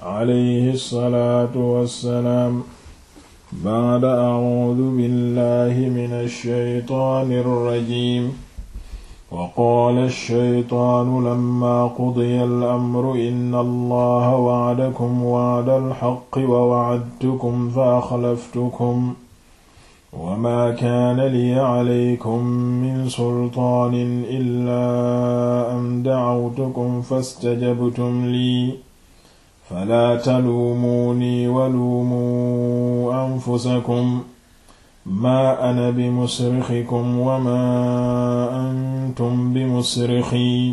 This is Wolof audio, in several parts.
alayhi salaatu wassalaam ba'da a'uudu billahi mina shaytaani rajiim wa qaala shaytaanu lammaa qudiya al-amru inna allaha wa'adakum wa'da al-haqqi wa wa'adtukum fa axlaftukum wa maa kaana liya calaykum min sultaanin illaa an dacawtukum fastajabtum lii falaa taluumuunii waluumuu anfusakum maa ana bi musrixikum wa maa antum bi musrixii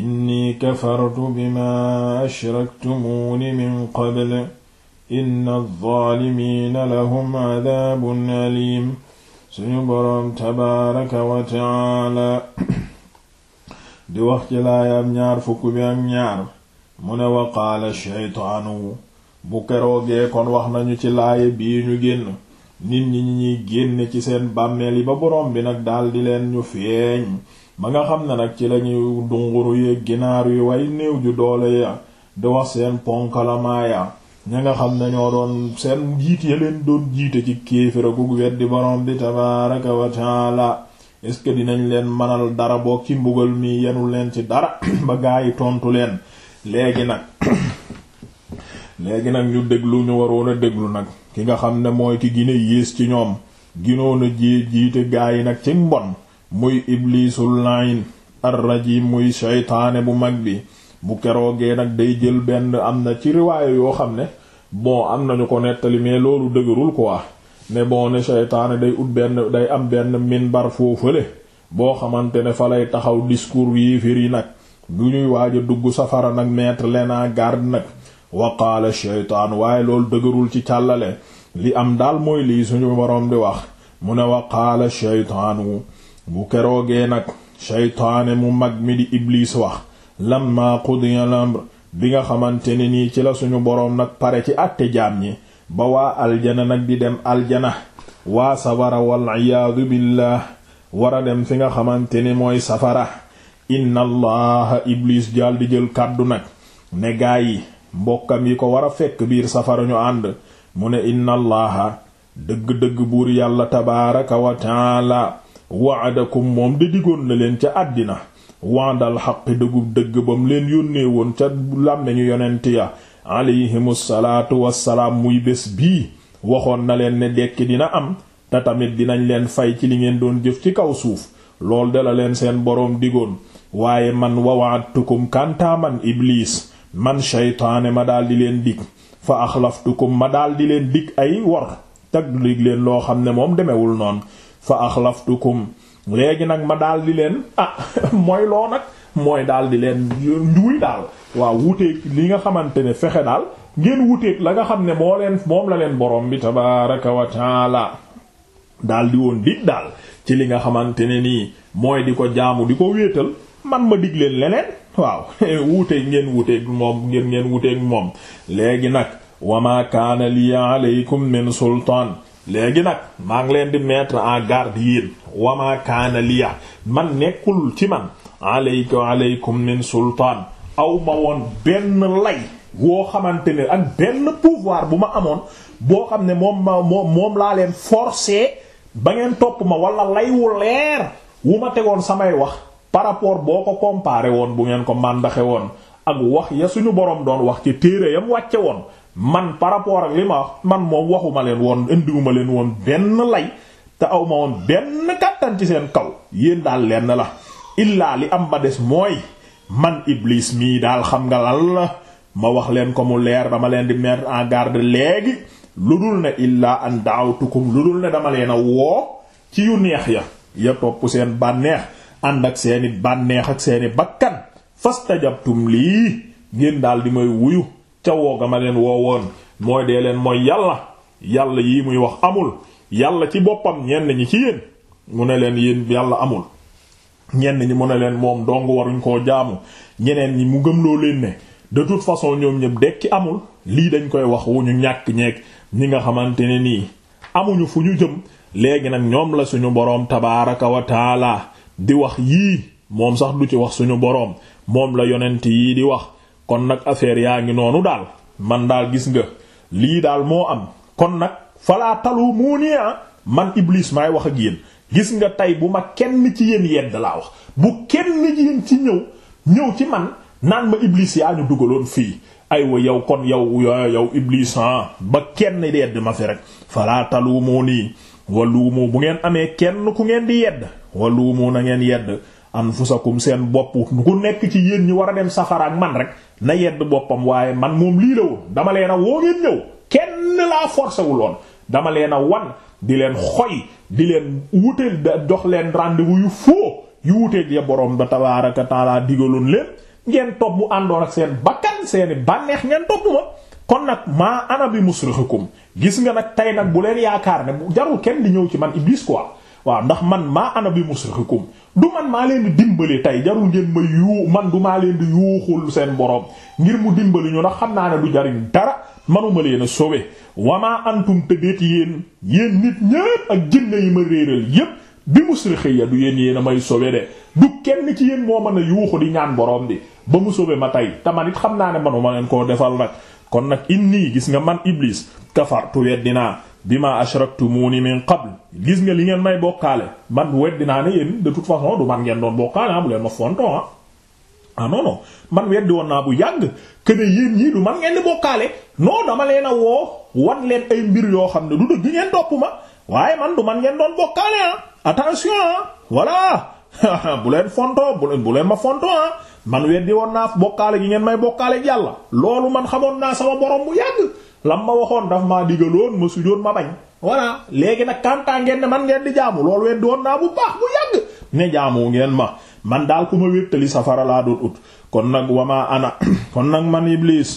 inni kafartu bimaa ashraktumuuni min qabl inna zaalimiina lahum cadaabun aliim suñu boroom tabaaraka wa tacaala di wax ci laayaab ñaar fukk bi ak ñaar mu ne wa qaala sheytaanu bu keroogee kon wax nañu ci laaya bii ñu génn nit ñi ñi ñuy génn ci seen bàmmeel yi ba borom bi nag di leen ñu feeñ ba nga xam ne nag ci lañuy dunguru yeeg ginaar yu way néew ju doole ya di wax seen ponkalamaaya ña nga xam ne ñoo doon seen jiit ya leen doon jiite ci kéeféra ku weddi borom bi tabaaraka wa taala est-ce que dinañ leen mënal dara boo ci mbugal mi yenu leen ci dara ba gaayi tontu leen léegi nag léegi nag ñu déglu ñu waroon a déglu nag ki nga xam ne mooy ki gine yées ci ñoom ginoon a ji jiite gaa yi nag ci mbon muy iblisul layin arrajim muy seytaane bu mag bi bu keroogee nag day jël benn am na ci riwaayo yoo xam ne bon am nañu ko nettali mais loolu dëgërul quoi mais bon seytaane day ut benn day am benn minbar foofale boo xamante ne fa lay taxaw discours yi nag du ñuy waaja dugg safara nag mettre leen en garde nag wa qaala sheytaan waaye loolu dëgërul ci càllale li am daal mooy lii suñu boroom di wax mu ne wa qaala sheytaanu bu keroogee nag sheytaane mu mag mi di ibliis wax lamma qudiya bi nga xamante ne nii ci la suñu boroom nag pare ci àtte jaam yi ba waa aljana nag di dem aljana waa safara wal iyaadu billah war a dem fi nga xamante ni mooy safara inna allaha iblis jal di jël kàddu nag ne gaa yi mbokkam yi ko war a fekk biir safara ñu ànd mu ne inna dëgg-dëgg buur yàlla tabaaraka wa taala waadakum moom de digoon na leen ca àddina waandal xaqi dëggu dëgg bam leen yónnee woon ca làmmeñu yonent ya alayhimu salaatu wassalaam muy bés bii waxoon na leen ne dekki dina am te tamit dinañ leen fay ci li ngeen doon jëf ci kaw suuf lool de la leen seen boroom digoon waaye man wawaadtukum kantaa man ibliis man shaytaane ma daldi leen dig fa axlaftukum ma daldi leen dig ay wor tag dig leen loo xam ne moom demewul noon fa axlaftukum léegi nag ma daldi leen ah mooy loo nag mooy daldi leen njuuy daal waaw wuteeg li nga xamante ne fexe daal ngeen wuteeg la nga xam ne moo leen moom la leen borom bi tabaaraka wa taala daldi woon dig daal ci li nga xamante ne nii mooy di ko jaamu di ko wéetal man ma digg leen leneen waaw wuuteeg ngeen wuuteeg moom ngeen ngeen wuuteeg moom léegi nag wa ma kaana liya aleykum min sultaan léegi nag maa ngi leen di mettre en garde yéen wa ma liya man nekkul ci man aleykum aleykum min sultaan aw ma woon benn lay woo xamante ne ak benn pouvoir bu ma amoon boo xam ne moom ma moom laa leen forcer ba ngeen topp ma wala lay wu leer wu ma tegoon samay wax par rapport boo ko comparé woon bu ngeen ko màndaxe woon ak wax ya suñu boroom doon wax ci téere yam wàcce woon man par rapport ak li ma man moom waxuma leen woon indiwuma leen woon benn lay te aw ma woon benn kàttan ci seen kaw yéen daal lenn la illaa li am ba des mooy man iblis mii daal xam nga lan la ma wax leen ko mu leer dama leen di mettre en garde léegi lu dul ne illaa an daawtukum lu dul ne dama leen a woo ci yu neex ya ya topp seen bànneex ànd ak seeni bànneex ak seeni bakkan fastajabtum lii ngeen daal di may wuyu ca wooga ma leen woowoon mooy dee leen mooy yàlla yàlla yii muy wax amul yàlla ci boppam ñenn ñi ci yéen mu ne leen yéen yàlla amul ñenn ñi mu ne leen moom dong waruñ koo jaamu ñeneen ñi mu gëm loo leen ne de façon ñoom ñëpp dekki amul lii dañ koy wax wu ñu ñàkk ñeeg ñi nga xamante ne nii amuñu fu ñu jëm léegi nag ñoom la suñu boroom tabaaraka wa di wax yii moom sax du ci wax suñu boroom moom la yonent yii di wax kon nag affaire yaa ngi noonu daal man daal gis nga lii daal moo am kon nag falaa talu muuni man Iblis maay wax a yéen gis nga tey bu ma kenn ci yéen yedd laa wax bu kenn ci ci ñëw ñëw ci man naan ma Iblis yaa ñu dugaloon fii aywa yow kon yow yow Iblis ah ba kenn di yedd ma fi rek falaa talu muuni waluumu bu ngeen amee kenn ku ngeen di yedd waluumu na ngeen yedd anfusakum seen bopp ku nekk ci yéen ñi war a dem safara man rek na yedd boppam waaye man moom lii la woon dama leen a woo ngeen ñëw kenn laa forcé wul woon dama leen a wan di leen xoy di leen wuteel da jox leen rendez-vous yu foo yu wuteeg ya borom ba tabaaraka taala digaloon leen ngeen topp mu àndoon ak seen bakkan seeni bànneex ngeen topp ma kon nag maa ana bi musrixikum gis nga nag tey nag bu leen yaakaar ne jarul kenn di ñëw ci man iblis quoi waaw ndax man maa ana bi musrixikum du man maa leen di dimbali tey jarul ngeen ma yuu man du maa leen di yuuxul seen boroom ngir mu dimbali ñu ndax xam naa ne du jariñ dara manuma leen a wa wamaa antum tëddeet yéen yéen nit ñépp ak jinne yi ma réeral yépp bi musrixi ya du yéen yéen a may sowe de du kenn ci yéen moo mën a yuuxu di ñaan boroom bi ba mu sowe ma tey te man it xam naa ne manuma leen koo defal nag kon nag inni gis nga man iblis kafartu weddinaa bima ashraktumuni min qabl gis nga li ngeen may bokkaale man weddi naa ne yéen de toute façon du man ngeen doon bokkaale ah bu leen ma fonton ah, ah woon bu yàgg que ne yéen ñii dama leen a woo wan leen ay mbir yoo xam ne du dëgg ma waaye man man ngeen doon bokkaale ah attention ah. bu leen fonto bu bu leen ma fonto ah man weddi woon naa bokkaale gi ngeen may bokkaale yàlla loolu man xamoon naa sama borom bu yàgg. lam ma waxoon daf maa digaloon ma sujoon ma bañ voilà léegi nag kantaa ngeen ne man ngeen di jaamu loolu ween doon naa bu baax bu yàgg ne jaamu ngeen ma man daal ku ma wéttali safara laa doon ut kon nag wamaa ana kon nag man iblis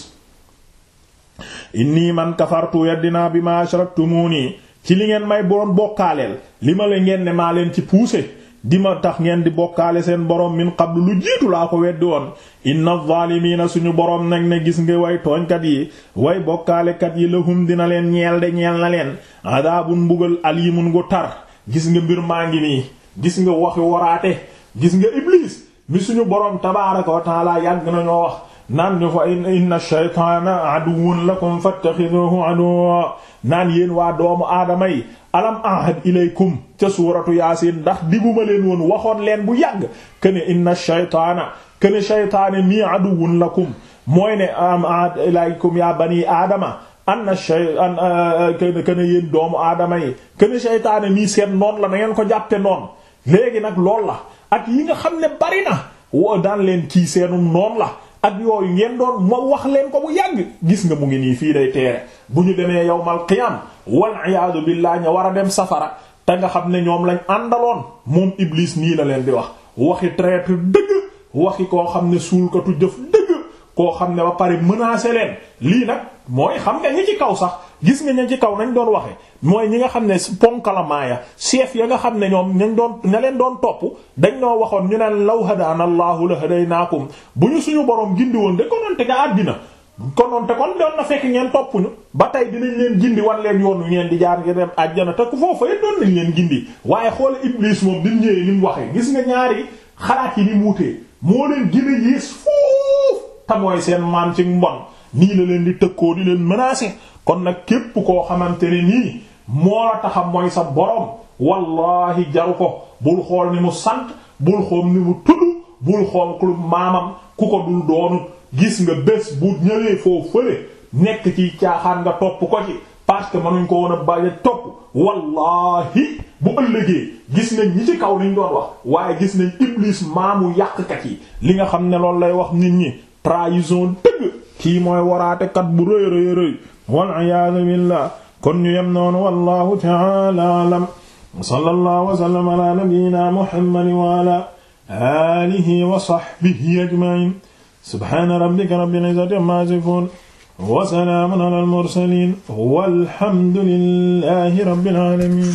inni man kafartu yaddinaa bi ma ashraktumuni ci li ngeen may boon bokkaaleel li ma la ngeen ne maa leen ci pousser di ma tax ngeen di bokkaale seen boroom min qablu lu jiitu laa ko weddi woon inna zaalimiina suñu boroom nag ne gis nga way tooñkat yi way bokkaalekat yi lahum dina leen ñeel de ñeel na leen adaabun mbugal aliimun gu tar gis nga mbir maa ngi nii gis nga waxi waraate gis nga iblis mi suñu borom tabaaraka wa taala yàgg nañoo wax naan ñu fa inna shaytaana aduwwun lakum fattaxiduhu aduwwa naan yéen waa doomu aadama yi alam ahad ilaykum ca suuratu yaasin ndax diguma leen woon waxoon leen bu yàgg kene inna shaytaana kene shaytaane mii aduwwun lakum mooy ne alam ahad ilaykum yaa bani aadama anna shay an kene yéen doomu aadama yi kene shaytaane mii seen noon la na ngeen ko jàppe noon léegi nag lool la ak yi nga xam ne bari na woo daan leen kii seenum noon la ak yooyu ngeen doon moom wax leen ko bu yàgg gis nga mu ngi nii fii day teere bu ñu demee yawmal qiyam wal iyaadu billaah ña war a dem safara te nga xam ne ñoom lañ àndaloon moom iblis nii la leen di wax waxi traître dëgg waxi koo xam ne suulkatu jëf koo xam ne ba pare menacé leen lii nag mooy xam nga ñi ci kaw sax gis nga ña ci kaw nañ doon waxe mooy ñi nga xam ne ponkalamaaya chef ya nga xam ne ñoom nañ doon ña leen doon topp dañ noo waxoon ñu neen law hadaana allahu la hadaynaakum bu ñu suñu boroom gindi woon de konoonte nga àddina konoon te kon doon na fekk ngeen topp ñu ba tey dinañ leen gindi wan leen yoon ngeen di jaar ngeen dem àjjana te ku foofu yëpp nañ leen gindi waaye xool Iblis moom bi mu ñëwee ni gis nga ñaari xalaat yi ni mu wutee moo leen gën yées foofu te mooy seen maam ci mbon nii la leen di tëkkoo di leen menacer kon nag képp koo xamante ne nii moo la taxam mooy sa borom wallahi jaru ko bul xool ni mu sant bul xool ni mu tudd bul xool ku maamam ku ko dul doonu gis nga bés bu ñëwee foofu fële nekk ci caaxaan nga topp ko ci parce que mënuñ ko woon a bàyyi topp wallahi bu ëllëgee gis nañ ñi ci kaw niñ doon wax waaye gis nañ iblis maamu yàqkat yi li nga xam ne loolu lay wax nit ñi trahison dëgg kii mooy waraatekat bu rëy rëy rëy wal iyaadu billah kon ñu yem noonu wallahu ta'ala alam sallallahu wa sallam ala nabiyyina muhammad wa ala alihi wa sahbihi ajma'in subhana rabbika rabbil izzati amma yasifun wa salamun ala al mursalin walhamdulillahi rabbil alamin